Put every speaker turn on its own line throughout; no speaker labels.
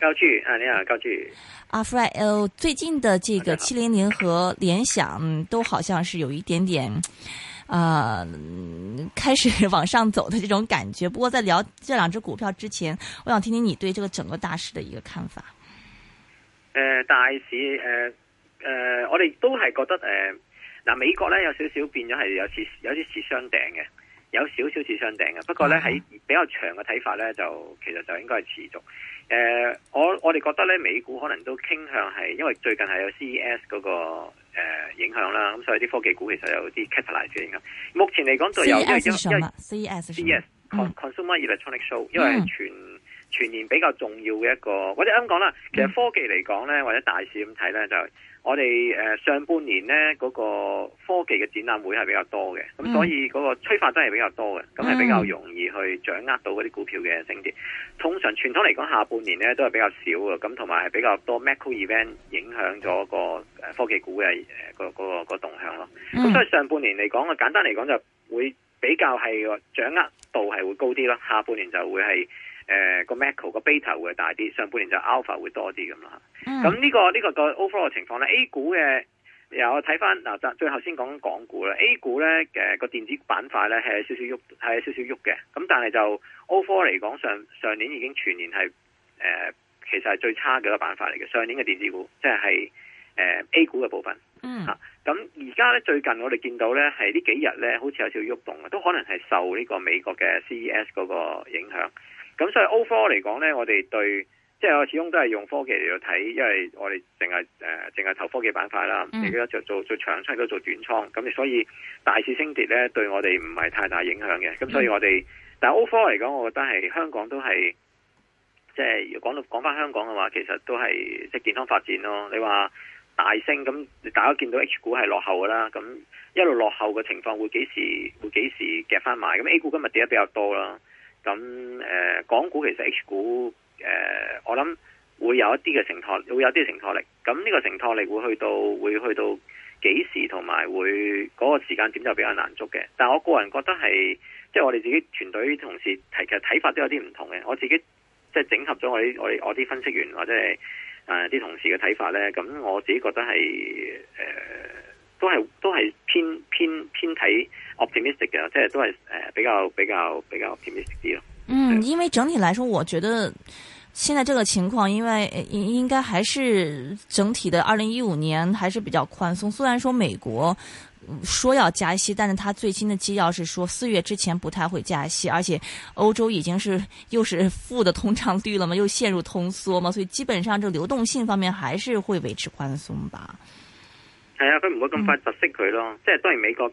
高
句啊，你好，高句
阿弗賴，哦，最近的這個七零零和聯想，都好像是有一點點，呃，開始往上走的這種感覺。不過在聊這兩隻股票之前，我想聽聽你對這個整個大市的一個看法。
誒、呃，大市，誒、呃，誒、呃，我哋都係覺得，誒，嗱，美國咧有少少變咗，係有似有啲似雙頂嘅。有少少似上頂嘅，不過咧喺比較長嘅睇法咧，就其實就應該係持續。誒、呃，我我哋覺得咧，美股可能都傾向係，因為最近係有 CES 嗰、那個、呃、影響啦，咁所以啲科技股其實有啲 catalyze 嘅影響。目前嚟講，就有啲消費，CES，CES，consumer、嗯、electronic show，因為全。嗯全年比較重要嘅一個，或者香港啦。其實科技嚟講咧，嗯、或者大市咁睇咧，就我哋上半年咧嗰個科技嘅展覽會係比較多嘅，咁、嗯、所以嗰個催化都係比較多嘅，咁係比較容易去掌握到嗰啲股票嘅升跌。嗯、通常傳統嚟講下半年咧都係比較少嘅，咁同埋係比較多 macro event 影響咗個科技股嘅個個個動向咯。咁、嗯、所以上半年嚟講，啊簡單嚟講就會比較係掌握度係會高啲咯，下半年就會係。Macro 個 beta 會大啲，上半年就 alpha 會多啲咁啦。咁呢、嗯這個呢個、這個 overall 情況咧，A 股嘅又我睇翻嗱，最最後先講港股啦。A 股咧嘅個電子板塊咧係有少少喐，係有少少喐嘅。咁但係就 overall 嚟講，上上年已經全年係誒，其實係最差嘅一個板塊嚟嘅。上年嘅電子股即係誒、呃、A 股嘅部分。嗯。嚇，咁而家咧最近我哋見到咧係呢是這幾日咧好似有少少喐動嘅，都可能係受呢個美國嘅 CES 嗰個影響。咁所以 overall 嚟講咧，我哋對即係我始終都係用科技嚟到睇，因為我哋淨係誒淨係投科技板塊啦，而家，mm. 做做做長倉都做短倉，咁所以大市升跌咧對我哋唔係太大影響嘅。咁，mm. 所以我哋但係 overall 嚟講，我覺得係香港都係即係講到講翻香港嘅話，其實都係即係健康發展咯。你話大升咁，大家見到 H 股係落後噶啦，咁一路落後嘅情況會幾時會幾時夾翻埋？咁 A 股今日跌得比較多啦。咁誒、呃，港股其實 H 股誒、呃，我諗會有一啲嘅承托，會有啲承托力。咁呢個承托力會去到會去到幾時，同埋會嗰個時間點就比較難捉嘅。但我個人覺得係，即係我哋自己團隊同事提嘅睇法都有啲唔同嘅。我自己即係整合咗我啲我啲我啲分析員或者係啲、呃、同事嘅睇法咧。咁我自己覺得係誒。呃都係都係偏偏偏睇 optimistic 嘅，即係都係誒比較比較比較 optimistic
啲咯。嗯，因為整體來說，我覺得現在這個情況，因為應應該還是整體的二零一五年還是比較寬鬆。雖然說美國說要加息，但是他最新的紀要是說四月之前不太會加息，而且歐洲已經是又是負的通脹率了嘛，又陷入通縮嘛，所以基本上這流動性方面還是會維持寬鬆吧。
係啊，佢唔會咁快窒息佢咯。即係當然美國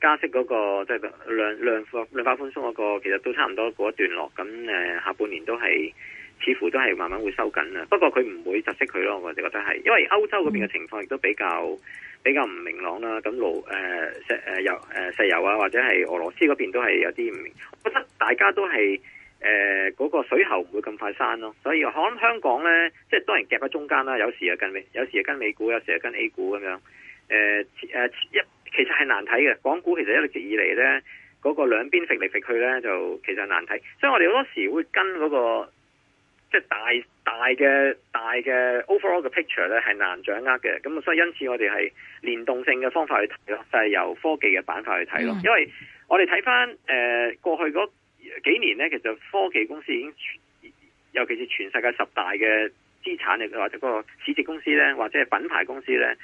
加息嗰個，即係量量量化寬鬆嗰個，其實都差唔多過一段落。咁誒，下半年都係似乎都係慢慢會收緊啦。不過佢唔會窒息佢咯，我哋覺得係，因為歐洲嗰邊嘅情況亦都比較比較唔明朗啦。咁爐誒石油誒石油啊，或者係俄羅斯嗰邊都係有啲唔明。我覺得大家都係誒嗰個水喉唔會咁快閂咯。所以我諗香港咧，即係當然夾喺中間啦。有時又跟美，有時又跟美股，有時又跟 A 股咁樣。誒，誒、呃，一其實係難睇嘅，港股其實一直以嚟咧，嗰、那個兩邊揈嚟揈去咧，就其實難睇。所以我哋好多時候會跟嗰、那個即係大大嘅大嘅 overall 嘅 picture 咧係難掌握嘅。咁所以因此我哋係聯動性嘅方法去睇咯，就係、是、由科技嘅板塊去睇咯。嗯、因為我哋睇翻誒過去嗰幾年咧，其實科技公司已經全尤其是全世界十大嘅資產嚟或者個市值公司咧，或者係品牌公司咧。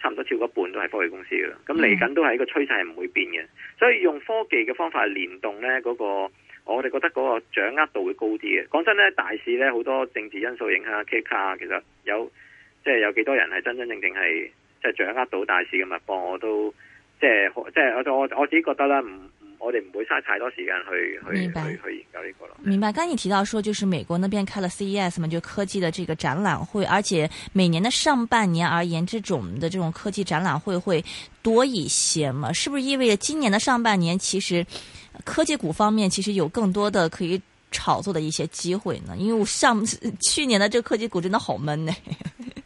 差唔多超過一半都係科技公司嘅。咁嚟緊都係一個趨勢，係唔會變嘅。所以用科技嘅方法連動呢，嗰、嗰個我哋覺得嗰個掌握度會高啲嘅。講真呢，大市呢，好多政治因素影響 k K 其實，有即係、即係、有幾多人係真真正正係即係掌握到大市嘅脈搏？我都即係即係我我我自己覺得啦，唔。我哋唔會嘥太多時間去明白去去，去研
究呢、這個咯。明白，剛才你提到說，就是美國那邊開了 CES 嘛，就科技的這個展覽會，而且每年的上半年而言，這種的這種科技展覽會會多一些嘛？是不是意味着今年的上半年，其實科技股方面其實有更多的可以炒作的一些機會呢？因為我上去年的這個科技股真的好悶
呢。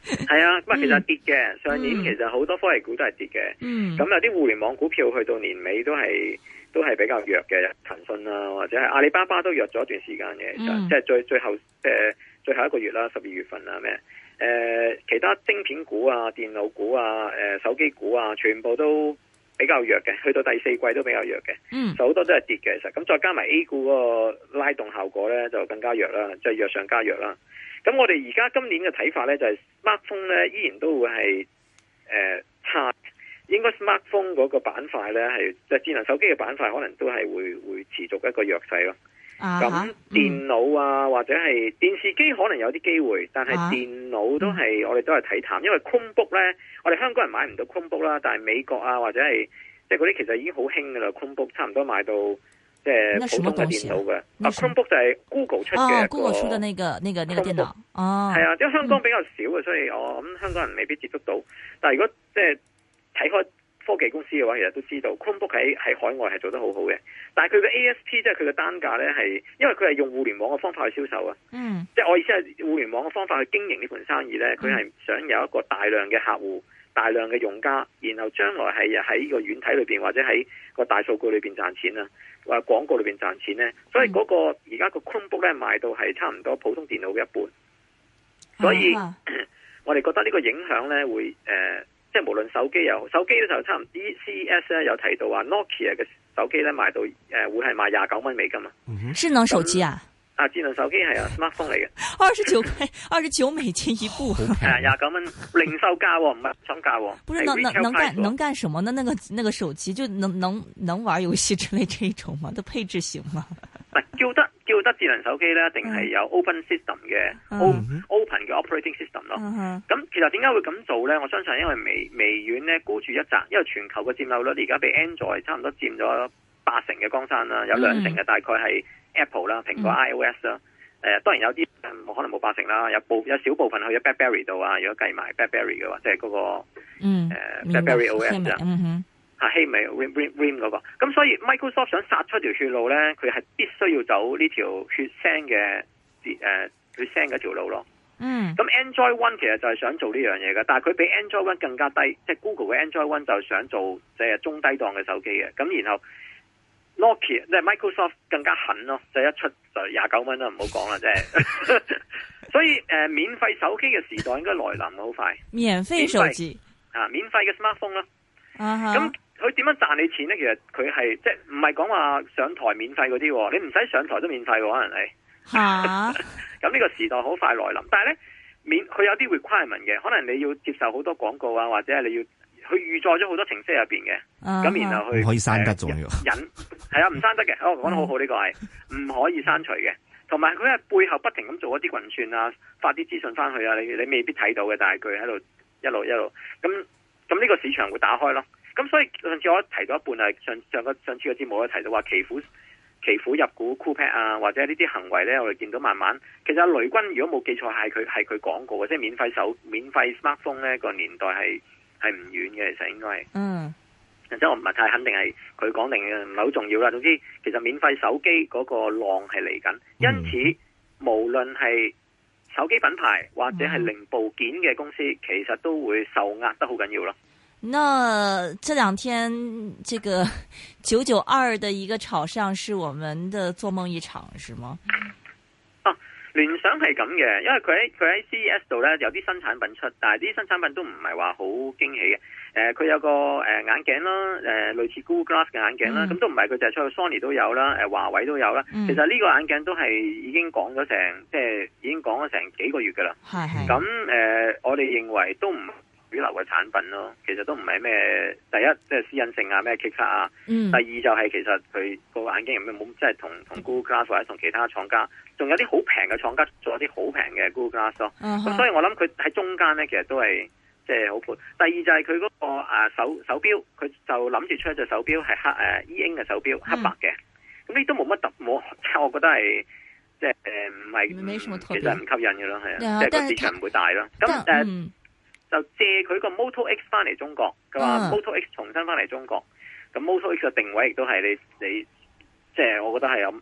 係啊、嗯，咁 其實跌嘅上年其實好多科技股都係跌嘅。嗯。咁有啲互聯網股票去到年尾都係。都係比較弱嘅，騰訊啊，或者係阿里巴巴都弱咗一段時間嘅，即係、mm. 最最後、呃，最後一個月啦，十二月份啊咩、呃？其他晶片股啊、電腦股啊、呃、手機股啊，全部都比較弱嘅，去到第四季都比較弱嘅，就好、mm. 多都係跌嘅。其實咁再加埋 A 股個拉動效果咧，就更加弱啦，即、就、係、是、弱上加弱啦。咁我哋而家今年嘅睇法咧，就係 Mac 風咧依然都會係應該 smartphone 嗰個板塊咧，係即係智能手機嘅板塊，可能都係會會持續一個弱勢咯。咁、uh huh, 電腦啊，或者係電視機，可能有啲機會，uh huh. 但係電腦都係、uh huh. 我哋都係睇淡，因為 Chromebook 咧，我哋香港人買唔到 Chromebook 啦。但係美國啊，或者係即係嗰啲其實已經好興噶啦，Chromebook 差唔多買到即係、就是、普通嘅電腦嘅。什麼啊、uh,，Chromebook 就係 Go、uh, Google 出嘅、那個。Google 出嘅那
個那個那個電腦。哦 Chromebook。係啊，啊，因
為香港比較少啊，所以我諗香港人未必接觸到。但係如果即係。就是睇開科技公司嘅話，其實都知道 Chromebook 喺喺海外係做得很好好嘅。但係佢嘅 ASP 即係佢嘅單價呢，係因為佢係用互聯網嘅方法去銷售啊。嗯，即係我意思係互聯網嘅方法去經營呢盤生意呢，佢係想有一個大量嘅客戶、大量嘅用家，然後將來係喺個軟體裏邊或者喺個大數據裏邊賺錢啊，或廣告裏邊賺錢呢。所以嗰、那個而家個 Chromebook 呢，賣、嗯、到係差唔多普通電腦嘅一半。所以，嗯啊、 我哋覺得呢個影響呢，會誒。呃即係無論手機有手機嘅時候差唔多 CES 咧有提到話 Nokia、ok、嘅手機咧賣到誒、呃、會係賣廿九蚊美金
啊！嗯哼，智能手機啊，啊智能手機係啊 smartphone 嚟嘅，二十九塊二十九美金一部，係廿九蚊零售價唔係廠價，不是,、哦、 不是能能能幹能幹什麼呢？那、那個那個手機就能能能玩遊戲之類這一種嗎？都配置行嗎？
叫得。做得智能手機咧，定係有 open system 嘅、mm hmm. open 嘅 operating system 咯。咁、mm hmm. 其實點解會咁做咧？我相信因為微微軟咧，孤注一擲，因為全球嘅佔有率而家畀 Android 差唔多佔咗八成嘅江山啦，有兩成嘅大概係 Apple 啦，蘋果、mm hmm. iOS 啦。誒、呃、當然有啲可能冇八成啦，有部有少部分去咗 BlackBerry 度啊。如果計埋 BlackBerry 嘅話，即係嗰、嗰個
誒 BlackBerry OS 啊。Mm hmm. uh, .
係希微、hey, rim rim rim、那個，咁所以 Microsoft 想殺出條血路咧，佢係必須要走呢條血腥嘅誒、呃、血腥條路咯。嗯，咁 Android One 其實就係想做呢樣嘢嘅，但係佢比 Android One 更加低，即、就、係、是、Google 嘅 Android One 就是想做即係中低檔嘅手機嘅，咁然後，Nokia、ok、即係 Microsoft 更加狠咯，就係一出就廿九蚊都唔好講啦，即係。 真的 所以誒、呃，免費手機嘅時代應該來臨好快，免費手機啊，免費嘅 smartphone 咯。咁、uh。Huh. 佢點樣賺你錢呢？其實佢係即係唔係講話上台免費嗰啲，你唔使上台都免費喎。可能係，咁呢個時代好快來臨，但係呢，免佢有啲 requirement 嘅，可能你要接受好多廣告啊，或者係你要佢預載咗好多程式入邊嘅，咁、啊、然後佢，可以
刪得咗喎。隱
係啊，唔刪得嘅，我講得好好呢個係唔、啊、可以刪除嘅，同埋佢係背後不停咁做一啲運算啊，發啲資訊翻去啊，你你未必睇到嘅，但係佢喺度一路一路咁咁呢個市場會打開咯。咁所以上次我提到一半係上上個上次嘅節目，我提到話奇虎奇虎入股酷派啊，或者呢啲行為咧，我哋見到慢慢。其實雷軍如果冇記錯，係佢係佢講過嘅，即係免費手免費 smartphone 咧個年代係係唔遠嘅，其實應該係。嗯，而我唔係太肯定係佢講定嘅，唔係好重要啦。總之，其實免費手機嗰個浪係嚟緊，因此、嗯、無論係手機品牌或者係零部件嘅公司，其實都會受壓得好緊要咯。
那這兩天這個九九二的一個炒上是我們的做夢一場是嗎？哦、
啊，聯想係咁嘅，因為佢喺佢喺 CES 度呢，有啲新產品出，但係啲新產品都唔係話好驚喜嘅。佢、呃、有個誒、呃、眼鏡啦，誒、呃、類似 Google Glass 嘅眼鏡啦，咁、嗯、都唔係佢就係出去 Sony 都有啦，誒、呃、華為都有啦。嗯、其實呢個眼鏡都係已經講咗成，即係已經講咗成幾個月噶啦。係咁誒，我哋認為都唔。主流嘅產品咯，其實都唔係咩第一，即係私隱性啊，咩 K 卡卡啊。嗯、第二就係其實佢個眼鏡又冇即係同同 Google Glass 或者同其他廠家，仲有啲好平嘅廠家做一啲好平嘅 Google Glass 咯。咁、啊、所以我諗佢喺中間咧，其實都係即係好闊。第二就係佢嗰個啊手手錶，佢就諗住出一隻手錶係黑誒 E Ink 嘅手錶，黑白嘅。咁呢都冇乜特，冇，即係我覺得係即係誒，唔、呃、係，不其實唔吸引嘅咯，係啊，即係個市場唔會大咯。咁誒但。那就借佢個 Moto X 翻嚟中國，佢話 Moto X 重新翻嚟中國，咁、uh huh. Moto X 嘅定位亦都係你你，即係、就是、我覺得係咁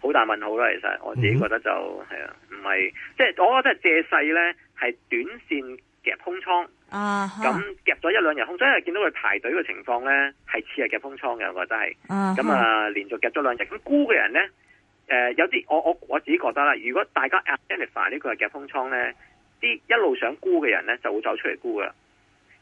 好大問號啦，其實我自己覺得就係啊，唔係即係我覺得借勢咧係短線夾空倉啊，咁、uh huh. 夾咗一兩日空，真係見到佢排隊嘅情況咧係似係夾空倉嘅，我覺得係，咁啊、uh huh. 連續夾咗兩日，咁估嘅人咧，誒、呃、有啲我我我自己覺得啦，如果大家 identify 呢個係夾空倉咧。啲一路想沽嘅人咧，就會走出嚟沽噶啦。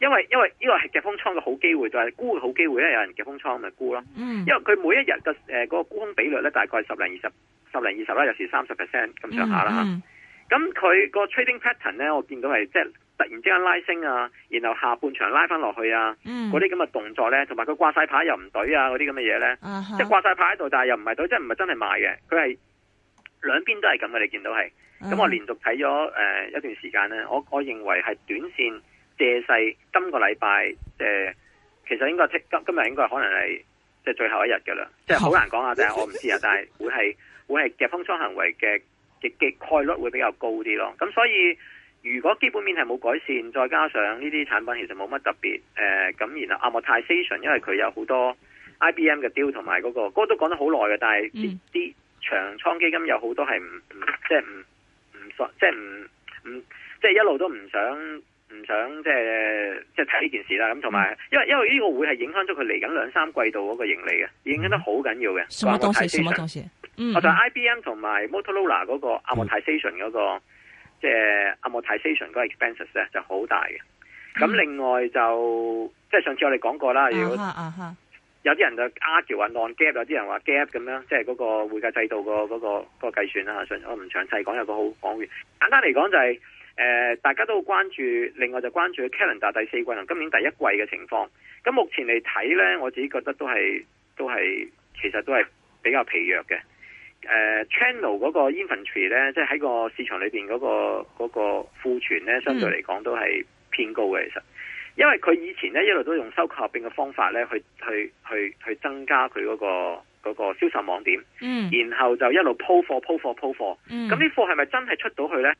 因為因為呢個係夾風倉嘅好機會，就係沽嘅好機會咧。有人夾風倉咪沽咯。因為佢、嗯、每一日嘅誒嗰個沽空比率咧，大概係十零二十、十零二十啦，有時三十 percent 咁上下啦。咁佢個 trading pattern 咧，我見到係即係突然之間拉升啊，然後下半場拉翻落去啊，嗰啲咁嘅動作咧，同埋佢掛晒牌又唔對啊，嗰啲咁嘅嘢咧，即係掛晒牌喺度，但係又唔係對，即係唔係真係賣嘅。佢係兩邊都係咁嘅，你見到係。咁、嗯、我連續睇咗誒一段時間咧，我我認為係短線借勢。今個禮拜誒，其實應該今今日應該可能係即、就是、最後一日㗎啦，即係好難講啊！就是、 但係我唔知啊，但係會係會係夾空倉行為嘅嘅嘅概率會比較高啲咯。咁所以如果基本面係冇改善，再加上呢啲產品其實冇乜特別誒，咁、呃、然後 amortization 因為佢有好多 IBM 嘅 deal 同埋嗰個，嗰個都講得好耐嘅，但係啲長倉基金有好多係唔唔即係唔。就是即係唔唔，即係一路都唔想唔想，即係即係睇呢件事啦。咁同埋，因為因為呢個會係影響咗佢嚟緊兩三季度嗰個盈利嘅，影響得好緊要嘅。什麼公司？是什麼公司？嗯，嗯，
我就
I B M 同埋 Motorola 嗰個 amortization 嗰個，即係 amortization 嗰個 expenses 咧就好、是、大嘅。
咁、嗯、另
外就，即係上次我哋講過啦。如果。啊哈。啊哈有啲人就 argue 話 non gap，有啲人話 gap 咁樣，即係嗰個會計制度嗰個、嗰個嗰、嗰個計算啦嚇。我唔詳細講，有個好講嘅簡單嚟講就係、係呃，大家都好關注，另外就關注 calendar 第四季同今年第一季嘅情況。咁目前嚟睇咧，我自己覺得都係都係，其實都係比較疲弱嘅。呃、channel 嗰個 inventory 咧，即係喺個市場裏面嗰、嗰個嗰個庫存咧，相對嚟講都係偏高嘅，其實。因為佢以前咧一路都用收購合併嘅方法咧去去去去增加佢嗰、那個嗰、那個銷售網點，嗯、然後就一路鋪貨鋪貨鋪貨。咁啲貨係咪真係出到去咧？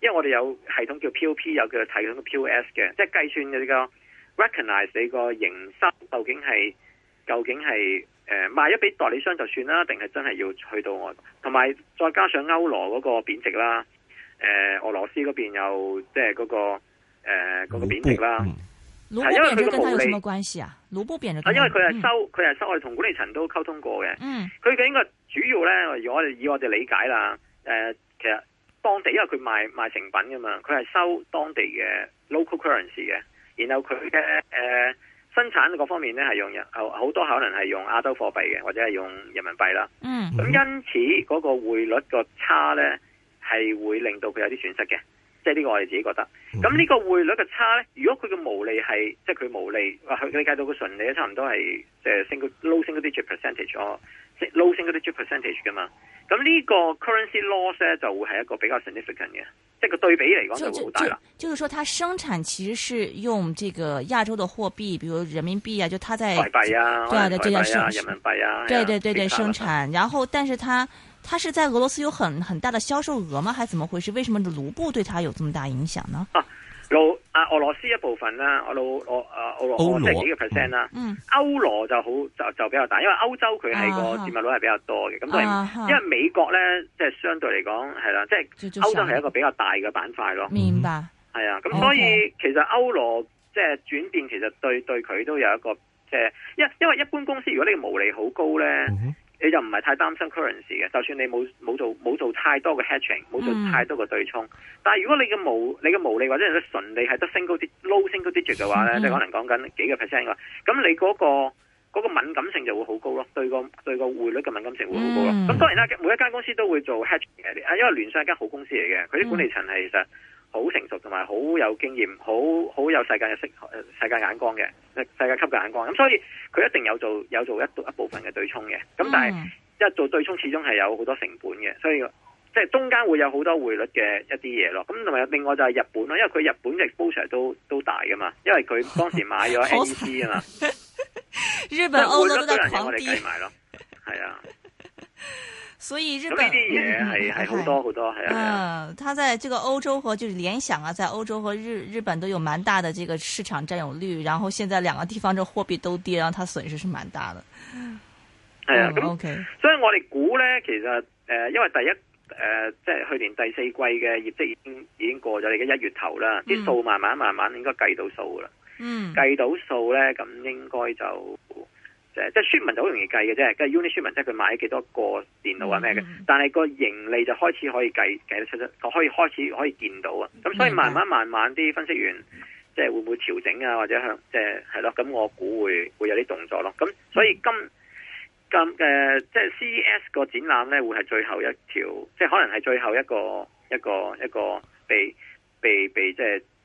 因為我哋有系統叫 P.O.P，有叫做提咁嘅 P.O.S 嘅，即係計算嘅呢個 recognize 你個營收究竟係究竟係誒、呃、賣一俾代理商就算啦，定係真係要去到外國？同埋再加上歐羅嗰個貶值啦，誒、呃、俄羅斯嗰邊又即係嗰、那個誒嗰、呃那個貶值啦。
係、啊嗯、因為佢個毛利冇關係
啊，盧布貶值係因為佢係收，佢係收，我哋同管理層都溝通過嘅。嗯，佢嘅應該主要咧，我以我哋理解啦。誒、呃，其實當地因為佢賣賣成品噶嘛，佢係收當地嘅 local currency 嘅，然後佢嘅誒生產嗰方面咧係用人，好多可能係用亞洲貨幣嘅，或者係用人民幣啦。嗯，咁因此嗰個匯率個差咧係會令到佢有啲損失嘅。即係呢個我哋自己覺得，咁呢 Okay. 個匯率嘅差咧，如果佢嘅毛利係，即係佢毛利，佢、啊、理解到嘅純利差唔多係，誒 single low single digit percentage 哦，即 low single digit percentage 噶嘛。咁呢個 currency loss 咧就會係一個比較 significant 嘅，即係個對比嚟講就好大
啦。就是說，它生產其實是用這個亞洲嘅貨幣，比如人民幣啊，就它在幣啊，對啊，對啊，對啊，人民
幣啊，對對對對，啊、生
產。然後，但是它。他是在俄羅斯有很很大的銷售額嗎？還是怎麼回事？為什麼盧布對他有這麼大影響呢
啊？啊，俄羅斯一部分啦，俄、啊俄，啊、俄羅斯即係幾個 percent 啦。歐、啊嗯、羅就好就就比較大，因為歐洲佢係個佔物率係比較多嘅。咁都係、啊、哈因為美國呢，即係相對嚟講係啦，即係歐洲係一個比較大嘅板塊咯。明白。係咯啊，咁所以其實歐羅即係轉變，其實對對佢都有一個即係，因因為一般公司如果你毛利好高呢。嗯你就唔係太擔心 currency 嘅，就算你冇冇做冇做太多嘅 hedging 冇做太多嘅對沖、嗯、但係如果你嘅毛你嘅毛利或者係純利係得 single low single digit 嘅話咧，即係、嗯、可能講緊幾個 percent 嘅話，咁你嗰、個嗰、個敏感性就會好高咯，對個對個匯率嘅敏感性會好高咯。咁、嗯、當然啦，每一間公司都會做 hedging 嘅，因為聯想係間好公司嚟嘅，佢啲管理層係其實。好成熟同埋好有經驗，好好有世界世界眼光嘅世界級嘅眼光。咁所以佢一定有做有做一一部分嘅對沖嘅。咁但係一、嗯、做對沖，始終係有好多成本嘅。所以即係中間會有好多匯率嘅一啲嘢咯。咁同埋另外就係日本咯，因為佢日本嘅 exposure 都都大㗎嘛。因為佢當時買咗 NEC 啊嘛。
日本歐元都哋 計
埋咯。係啊。
所以日本呢啲嘢係係好多
好多係啊，嗯，
他在這個歐洲和就是聯想啊，在歐洲和日日本都有蠻大的這個市場佔有率，然後現在兩個地方就貨幣都跌，然後他損失是蠻大
嘅。係啊，咁 OK，所以我哋估咧，其實，誒，因為第一誒，即係去年第四季嘅業績已經已經過咗你嘅一月頭啦，啲數慢慢慢慢應該計到數噶啦，嗯，計到數咧，咁應該就。即係即係 shipment 就好容易計嘅啫，跟住 unit shipment 即係佢買咗幾多個電腦啊咩嘅，mm hmm。但係個盈利就開始可以計計得出，就可以開始可以見到啊！
咁所以慢慢
慢慢啲分析員即係會唔會調整啊？或者係即係係咯，咁我估會會有啲動作咯。咁所以今今誒、呃、即係 CES 個展覽咧，會係最後一條，即係可能係最後一個一個一個，一個被被被即係。